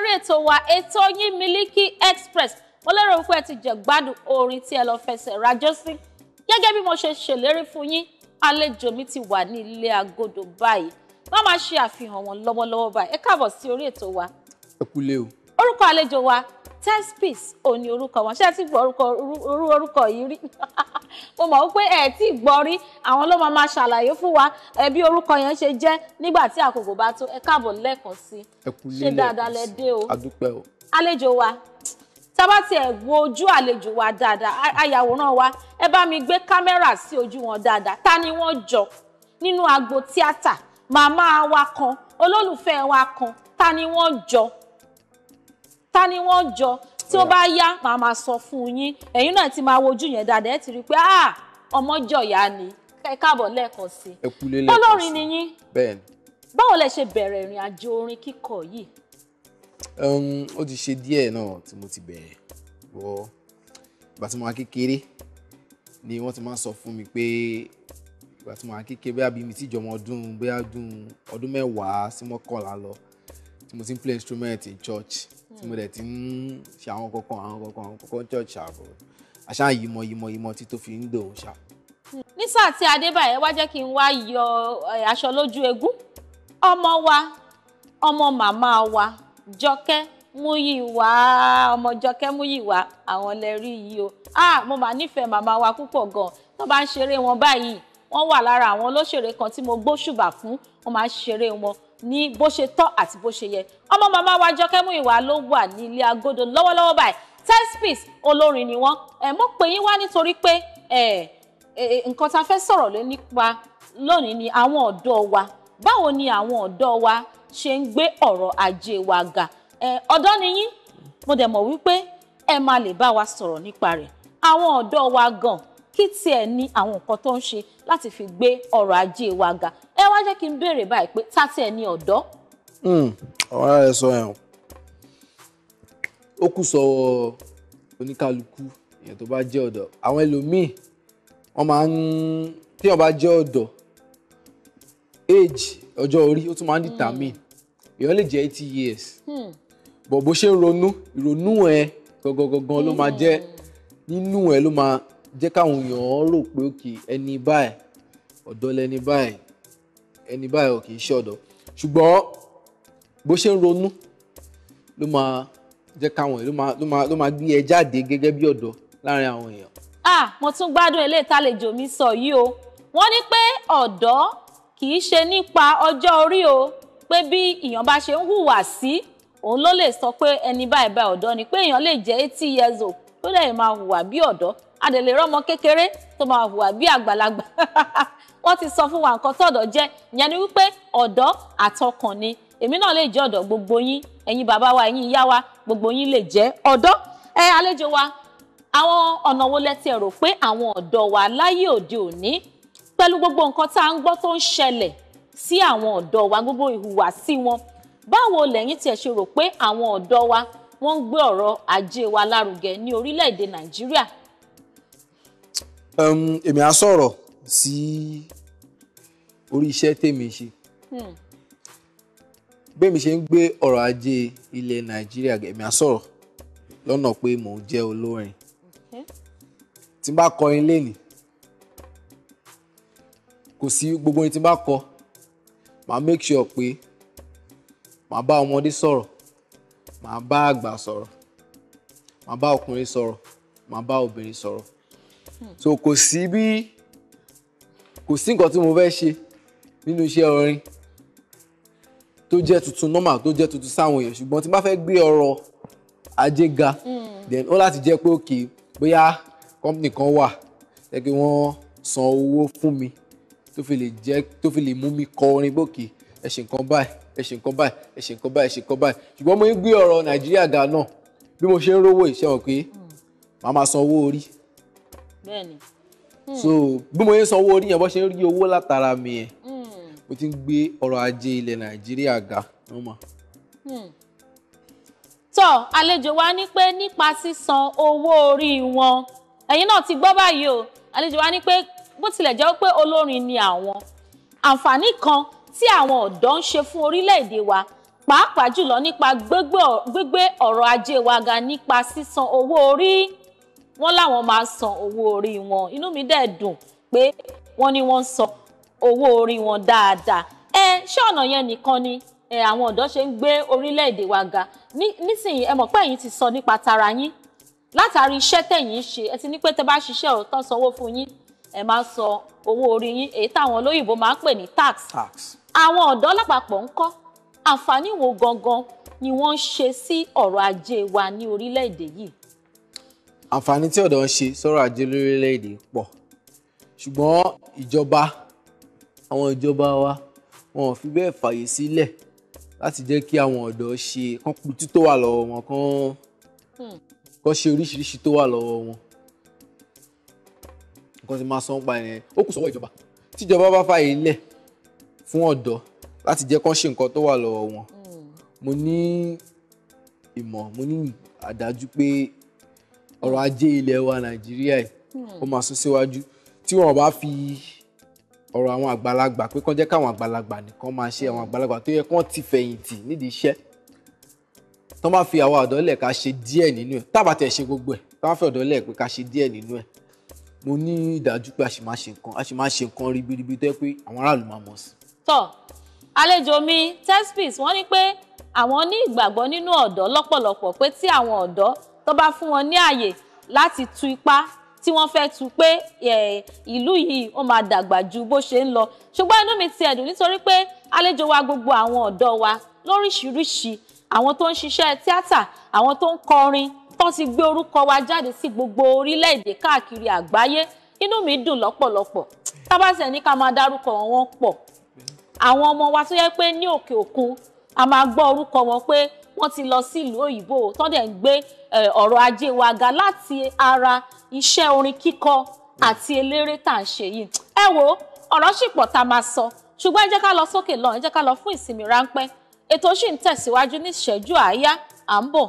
lórí ètò wa ètò yín Miliki Express mo lérò wípé ẹ ti jẹ̀gbádùn orin tí ẹ lọ fẹsẹ̀ rajó sí gẹ́gẹ́ bí mo ṣe ṣèlérí fún yín àlejò mi ti wà ní ilé agodo báyìí wọ́n máa ṣe àfihàn wọn lọ́wọ́lọ́wọ́ báyìí ẹ káàbọ̀ sí orí ètò wa. ẹ kúlé o. orúkọ àlejò wa Tezpeace ò ní orúkọ wọn ṣé ẹ ti gbọ́ orúkọ orú orúkọ yìí rí mo mọ̀ pé ẹ ti gbọ́ rí àwọn ló máa ṣàlàyé fún wa bí orúkọ yẹn ṣe jẹ́ nígbà tí àkókò bá tó ẹ káàbọ̀ lẹ́ẹ̀kan sí i ṣé dáadáa lẹ dé o àlejò wa tábà tí ẹ wo ojú àlejò wa dáadáa ayàwòrán wa ẹ bá mi gbé kámẹ́rà sí ojú wọn dáadáa ta ni wọ́n jọ nínú agbo tíátà màmá wa kan olólùfẹ́ wa kan ta ni wọ́n jọ ta ni wọ́n jọ tí wọ́n bá yá màá máa sọ fún yín ẹ̀yin náà ti máa wojú yẹn dáadáa ẹ ti rí i pé ah ọmọ jọ̀yà ni ẹ káàbọ̀ lẹ́ẹ̀kan sí i olórin ni yín báwo lẹ ṣe bẹ̀rẹ̀ ìrìn àjò orin kíkọ yìí. Um, ó ti ṣe díẹ̀ náà tí mo ti bẹ̀rẹ̀ wọ́ ìgbà tí mo wà kékeré ni wọ́n ti máa ń sọ fún mi pé ìgbà tí mo wà kékeré bóyá bí mi ti jọmọ ọdún bóyá ọdún mẹ́wàá sí mọ́kànlá lọ tí mo ti ń play instrument in church tí hmm. mo dẹ̀ ti ń ṣe àwọn kọ̀ọ̀kan àwọn kọ̀ọ̀kan àwọn kọ̀ọ̀kan church ṣàbọ̀ àṣà yìmọ̀ yìmọ̀ yìmọ̀ tí tó fi ń dòun ṣá. Hmm. ní sáà tí adébáyé wá jẹ́ kí n wá yọ aṣọ lójú egún ọmọ wa ọmọ màmá wa jọkẹ́ múyìwá ọmọ jọkẹ́ múyìwá àwọn lẹ́rí yìí o ah mo máa nífẹ̀ẹ́ màmá wa púpọ̀ gan tó bá ń ṣeré wọn báyìí wọ́n wà lára àwọn olóṣèré kan tí mo gbóṣùbà fún wọ́n máa ń ṣeré wọn ní bó ṣe tọ́ àti bó ṣe yẹ ọmọ màmá wa Jọkẹ́ Múyìwá ló wà ní ilé agodo lọ́wọ́lọ́wọ́ báyìí Timespiece olórin ni wọ́n ẹ̀ mọ́ pé yín wá nítorí pé nǹkan tá a fẹ́ sọ̀rọ̀ lé nípa lónìí ni àwọn ọ̀dọ́ wa báwo ni àwọn ọ̀dọ́ wa ṣe ń gbé ọ̀rọ̀ ajé wa ga ọ̀dọ́ ni yín mo dẹ̀ mọ̀ wípé ẹ máa lè bá wa sọ̀rọ̀ nípa rẹ̀ àwọn ọ̀dọ́ wa gan kí tiẹ̀ ní àwọn nǹkan tó ń ṣe láti fi gbé ọrọ̀ ajé wa ga ẹ wá jẹ́ kí n béèrè báyìí pé tàtí hmm, ẹ ní ọ̀dọ́. ọ̀rá rẹ sọ ẹ̀ ó kù sọ oníkálukú èèyàn tó bá jẹ́ ọ̀dọ́ àwọn ẹlòmíì wọ́n máa ń tí wọ́n bá jẹ́ ọ̀dọ́ age ọjọ́ orí ó tún máa ń determine hmm. èèyàn lè jẹ́ eighty years hmm. bọ̀ bó ṣe ń ronú ìrònú ẹ̀ gangan ló máa jẹ́ nínú ẹ̀ ló máa jẹ́ káwọn èèyàn rò pé òkè ẹni báyìí ọ̀dọ́ lẹni báyìí ẹni báyìí ò kì í ṣe ọ̀dọ́ ṣùgbọ́n bó ṣe ń ronú ló máa jẹ́ káwọn ló máa ló máa ló máa gbé ẹ jáde gẹ́gẹ́ bí ọ̀dọ́ láàrin àwọn èèyàn. ah mo tún gbádùn eléyìí tálejò mi sọ yìí o wọ́n ní pé ọ̀dọ́ kì í ṣe nípa ọjọ́ orí o pé bí èèyàn bá ṣe ń hùwà sí òun ló lè sọ pé ẹni báyìí bá ọ̀dọ́ ni pé èèyàn lè jẹ́ eighty years old tó lè máa hùwà bí ọ̀dọ́ a dẹ̀ kékeré tó máa hùwà bí àgbàlagbà wọ́n ti sọ fún wa nǹkan tọ̀dọ̀ jẹ́ ìyẹn ni wípé ọ̀dọ́ àtọkàn ni èmi náà lè jẹ́ ọ̀dọ́ gbogbo yín ẹ̀yin bàbá wa ẹ̀yin ìyá wa gbogbo yín lè jẹ́ ọ̀dọ́ ẹ àlejò wa àwọn ọ̀nà wo lẹ ti rò pé àwọn ọ̀dọ́ wa láyé òde òní pẹ̀lú gbogbo nǹkan tá à ń gbọ́ tó ń ṣẹlẹ̀ sí àwọn ọ̀dọ́ wa gbogbo ìhùwàsí wọn báwo lẹ̀yin tiẹ̀ ṣe rò pé àwọn ọ̀dọ́ wa wọ́n ń gbé ọ̀rọ̀ ajé wa lárugẹ ní orílẹ̀-èdè Nàìjíríà. èmi á sọ̀rọ̀ sí orí iṣẹ́ tèmi ṣe hmm. bẹ́ẹ̀ mi ṣe ń gbé ọrọ̀ ajé ilẹ̀ nàìjíríà èmi á sọ̀rọ̀ lọ́nà pé mò ń jẹ́ olórin tí n bá kọrin lénìí kò sí gbogbo ohun tí n bá kọ màá make sure pé màá bá ọmọdé sọ̀rọ̀ màá bá àgbà sọ̀rọ̀ màá bá ọkùnrin sọ̀rọ̀ màá bá obìnrin sọ̀rọ̀ hmm. so kò sí bí kò sí nǹkan tí mo fẹ́ ṣe nínú iṣẹ́ orin tó jẹ́ tuntun normal tó jẹ́ tuntun sáwọn èèyàn ṣùgbọ́n tí bá fẹ́ gbé ọrọ̀ ajé ga then ó láti jẹ́ pé òkè bóyá company kan wà jẹ́ pé wọ́n san owó fún mi tó fi lè jẹ́ tó fi lè mú mi kọ orin bókè ẹ ṣe nǹkan báyìí ẹ ṣe nǹkan báyìí ẹ ṣe nǹkan báyìí ẹ ṣe nǹkan báyìí ṣùgbọ́n mo ń gbé ọ̀rọ̀ Nàìjíríà ga náà bí mo ṣe ń rówó ìṣẹ́ wọn pé màá máa san owó orí. bẹ́ẹ̀ni Hmm. so bí mo yẹn san owó orí yẹn bó ṣe ń rí owó látara mi yẹn hmm. mo ti ń gbé ọrọ̀ ajé ilẹ̀ nàìjíríà ga ọmọ. tó hmm. àlejò wa ní pé nípa sísan owó orí wọn ẹ̀yin náà ti gbọ́ báyìí o àlejò wa ní pé bó tilẹ̀ jẹ́ pé olórin ni àwọn àǹfààní kan tí àwọn ọ̀dọ́ ń ṣe fún orílẹ̀-èdè wa pàápàá jùlọ nípa gbégbé ọ̀rọ̀ ajé wa ga nípa sísan owó orí wọ́n láwọn máa san owó orí wọn inú mi dẹ̀ dùn pé wọ́n ní wọ́n san owó orí wọn dáadáa ẹ ṣé ọ̀nà yẹn nìkan ni ẹ àwọn ọ̀dọ́ ṣe ń gbé orílẹ̀-èdè wa ga nísìnyí ẹ mọ̀ pé ẹ̀yin ti sọ nípa tara yín látàrí iṣẹ́ tẹ̀yin ṣe ẹ ti ní pé tẹ bá ṣiṣẹ́ ò tán sanwó fún yín ẹ máa sọ owó orí yín èyí táwọn olóyìnbó máa ń pè ní tax àwọn ọ̀dọ́ lápapọ̀ ń kọ́ àǹfààní wo gangan ni wọ́n ń ṣe sí ọ̀rọ̀ ajé wa ní orílẹ̀-èdè yìí àǹfààní tí ọ̀dọ́ ń ṣe sọ́rọ̀ ajé lórílẹ̀‐èdè pọ̀ ṣùgbọ́n ìjọba àwọn ìjọba wa wọn ò fi bẹ́ẹ̀ fàyè sílẹ̀ láti jẹ́ kí àwọn ọ̀dọ́ ṣe kán kutú tó wà lọ́wọ́ wọn kán hmm. kán ṣe oríṣiríṣi tó wà lọ́wọ́ wọn nǹkan tí máa san pa ẹ̀ ó kù sọ́wọ́ ìjọba tíjọba bá fàyè lẹ̀ fún ọ̀dọ́ láti jẹ́ kán ṣe nǹkan tó wà lọ́wọ́ wọn hmm. mo ní ìmọ̀ mo ní àdájú pé ọrọ̀ ajé ilẹ̀ wa nàìjíríà yìí ó máa sún síwájú tí wọn bá fi ọ̀rọ̀ àwọn àgbàlagbà pé kán jẹ́ káwọn àgbàlagbà nìkan máa ṣe àwọn àgbàlagbà tó yẹ kán ti fẹ̀yìntì nídìí iṣẹ́ tán bá fi àwọn ọ̀dọ́ lẹ̀ ká ṣe díẹ̀ nínú ẹ̀ tábà tẹ̀ ṣe gbogbo ẹ̀ tán bá fi ọ̀dọ́ lẹ̀ pé ká ṣe díẹ̀ nínú ẹ̀ mo ní ìdájú pé a sì máa ṣe nǹkan a sì máa ṣe nǹkan ribiribi tó yẹ pé àwọn aráàlú máa mọ̀ sí. tọ́ àlejò mi Tezpeace wọ́n ní pé àwọn ní ìgbàgbọ́ nínú ọ̀dọ́ lọ́pọ̀lọpọ̀ pé tí àwọn ọ̀dọ́ tó bá fún wọn ní àyè láti tu ipá tí wọ́n fẹ́ tu pé ìlú yìí ó máa dàgbà ju bó ṣe ń lọ ṣùgbọ́n inú mi ti ẹ̀dùn nítorí pé àlejò wa gbogbo àwọn ọ̀dọ́ wa lóríṣiríṣi àwọn tó ń ṣiṣẹ́ tíátà àwọn tó ń kọrin tó ti gbé orúkọ wa jáde sí gbogbo orílẹ̀-èdè káàkiri àgbáyé inú mi dùn lọ́pọ̀lọpọ̀ tábàṣẹ̀ ní ká máa dárúkọ wọn pọ̀ àwọn ọmọ wa tó yẹ pé ní òkè òkun a máa gbọ́ orúkọ wọn pé wọ́n ti lọ sílùú òyìnbó tó dẹ̀ ń gbé eh, ọ̀rọ̀ ajé wa ga láti ara iṣẹ́ orin kíkọ àti eléré tá à ń ṣe yìí ẹ wo ọ̀rọ̀ sì pọ̀ tá a máa sọ ṣùgbọ́n ẹ jẹ́ ká lọ sókè lọ ẹ jẹ́ ká lọ fún ìsinmi ráńpẹ́ ètò sì ń tẹ̀síwájú ní ìṣẹ́jú àáyá à ń bọ̀